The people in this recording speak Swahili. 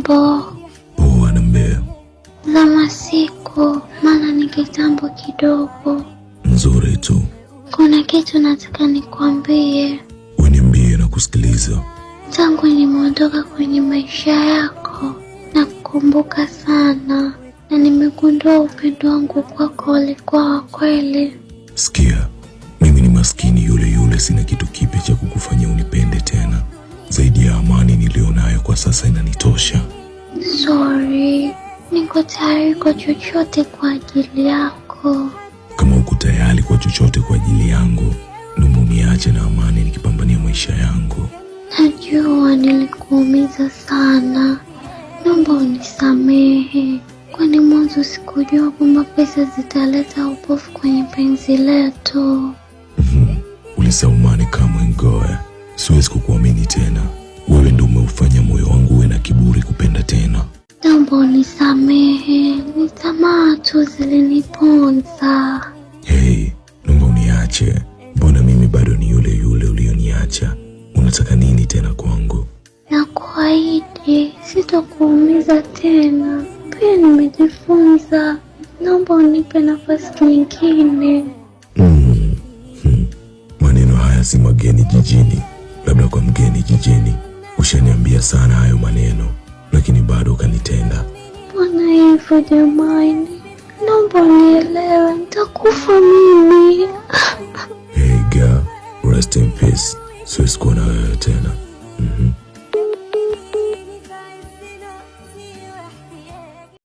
kitambo. Oh, anambea za masiku, maana ni kitambo kidogo. Nzuri tu, kuna kitu nataka nikwambie. Uniambie na kusikiliza. Tangu nimeondoka kwenye maisha yako na kukumbuka sana, na nimegundua upendo wangu kwako ulikuwa wa kweli. Sikia, mimi ni maskini yule yule, sina kitu kipi nilionayo kwa sasa inanitosha. Sorry, niko tayari kwa chochote kwa ajili yako. Kama uko tayari kwa chochote kwa ajili yangu, naomba uniache na amani nikipambania maisha yangu. Najua nilikuumiza sana, naomba unisamehe, kwani mwanzo sikujua kwamba pesa zitaleta upofu kwenye penzi letu. Ulisaumani kamwe ngoe, siwezi kukuamini tena. Naomba unisamehe, ni tamaa tu ziliniponza. Hei, naomba uniache. Mbona mimi bado ni yule yule ulioniacha? Unataka nini tena kwangu? Nakuahidi sitokuumiza tena, pia nimejifunza. Naomba unipe nafasi nyingine. Mm, mm. Maneno haya si mageni jijini, labda kwa mgeni jijini. Ushaniambia sana hayo maneno, lakini bado ukanitenda hivyo jamani, naomba unielewe, nitakufa mimi. Hey girl, rest in peace. Siwezi kuwa na wewe tena. mm -hmm.